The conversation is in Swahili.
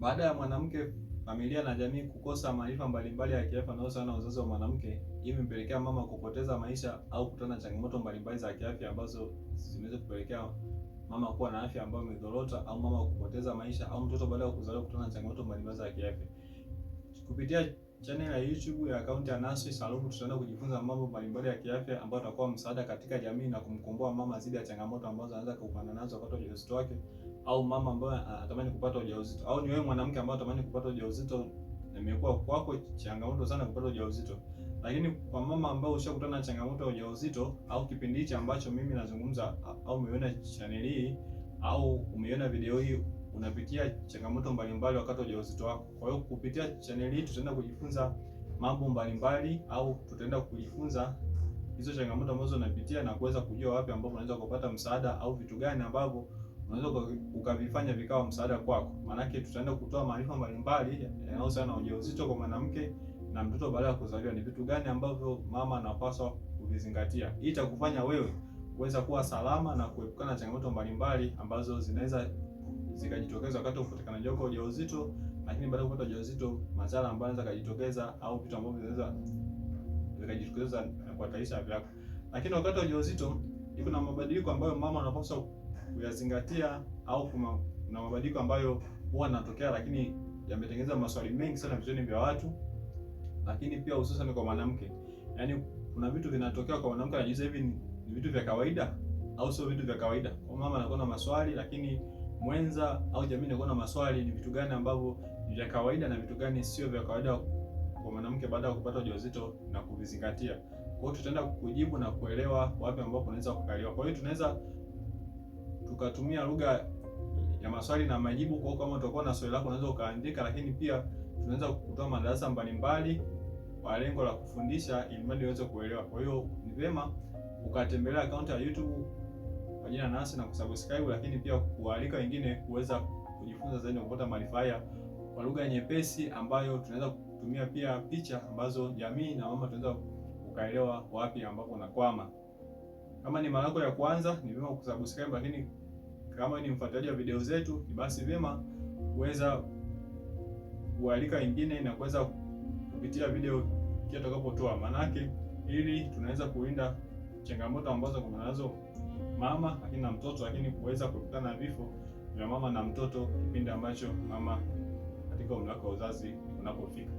Baada ya mwanamke, familia na jamii kukosa maarifa mbalimbali ya kiafya yanayohusiana na uzazi wa mwanamke, hii imepelekea mama kupoteza maisha au kutana changamoto mbalimbali za kiafya ambazo zinaweza kupelekea mama kuwa na afya ambayo imedhorota au mama kupoteza maisha au mtoto baada ya kuzaliwa kutana na changamoto mbalimbali za kiafya. Kupitia channel ya YouTube ya akaunti ya Nasri Salum tutaenda kujifunza mambo mbalimbali ya kiafya ambayo atakuwa msaada katika jamii na kumkomboa mama zidi ya changamoto ambazo anaweza kupambana nazo wakati wa ujauzito wake au mama ambaye anatamani ah, kupata ujauzito au ni wewe mwanamke ambaye anatamani kupata ujauzito, imekuwa kwako changamoto sana kupata ujauzito. Lakini kwa mama ambaye ushakutana na changamoto ya ujauzito au kipindi hichi ambacho mimi nazungumza, au umeona channel hii au umeona video hii, unapitia changamoto mbalimbali wakati wa ujauzito wako. Kwa hiyo kupitia channel hii tutaenda kujifunza mambo mbalimbali, au tutaenda kujifunza hizo changamoto ambazo unapitia na kuweza kujua wapi ambapo unaweza kupata msaada au vitu gani ambavyo unaweza ukavifanya vikawa msaada kwako. Maanake tutaenda kutoa maarifa mbalimbali yanayohusiana na ujauzito kwa mwanamke na mtoto baada ya kuzaliwa, ni vitu gani ambavyo mama anapaswa kuvizingatia. Hii itakufanya wewe kuweza kuwa salama na kuepukana na changamoto mbalimbali ambazo zinaweza zikajitokeza wakati wa upatikanaji wako ujauzito, lakini baada ya kupata ujauzito, madhara ambayo yanaweza kujitokeza au vitu ambavyo vinaweza vikajitokeza kwa taisha vyako. Lakini wakati wa ujauzito, kuna mabadiliko ambayo mama anapaswa kuyazingatia au kuma, kuna mabadiliko ambayo huwa yanatokea, lakini yametengeneza maswali mengi sana vichwani vya watu, lakini pia hususan kwa mwanamke. Yaani kuna vitu vinatokea kwa mwanamke anajiuliza, hivi ni vitu vya kawaida au sio vitu vya kawaida? Kwa mama anakuwa na maswali, lakini mwenza au jamii inakuwa na maswali, ni vitu gani ambavyo ni vya kawaida na vitu gani sio vya kawaida kwa mwanamke baada ya kupata ujauzito na kuvizingatia. Kwa hiyo tutaenda kujibu na kuelewa wapi ambapo unaweza kukaliwa. Kwa hiyo tunaweza tukatumia lugha ya maswali na majibu. Kwa kama utakuwa na swali lako unaweza ukaandika, lakini pia tunaweza kutoa madarasa mbalimbali kwa lengo la kufundisha ili mradi uweze kuelewa. Kwa hiyo ni vyema ukatembelea account ya YouTube kwa jina Nasi na kusubscribe, lakini pia kualika wengine kuweza kujifunza zaidi na kupata maarifa haya kwa lugha nyepesi ambayo tunaweza kutumia pia picha ambazo jamii na mama tunaweza ukaelewa wapi ambapo unakwama. Kama ni mara yako ya kwanza, ni vyema kusubscribe, lakini kama ni mfuatiliaji wa video zetu, ni basi vyema kuweza kualika wengine na kuweza kupitia video kia tutakapotoa, manake ili tunaweza kulinda changamoto ambazo kuna nazo mama lakini na mtoto, lakini kuweza kukutana na vifo vya mama na mtoto kipindi ambacho mama katika umri wa uzazi unapofika.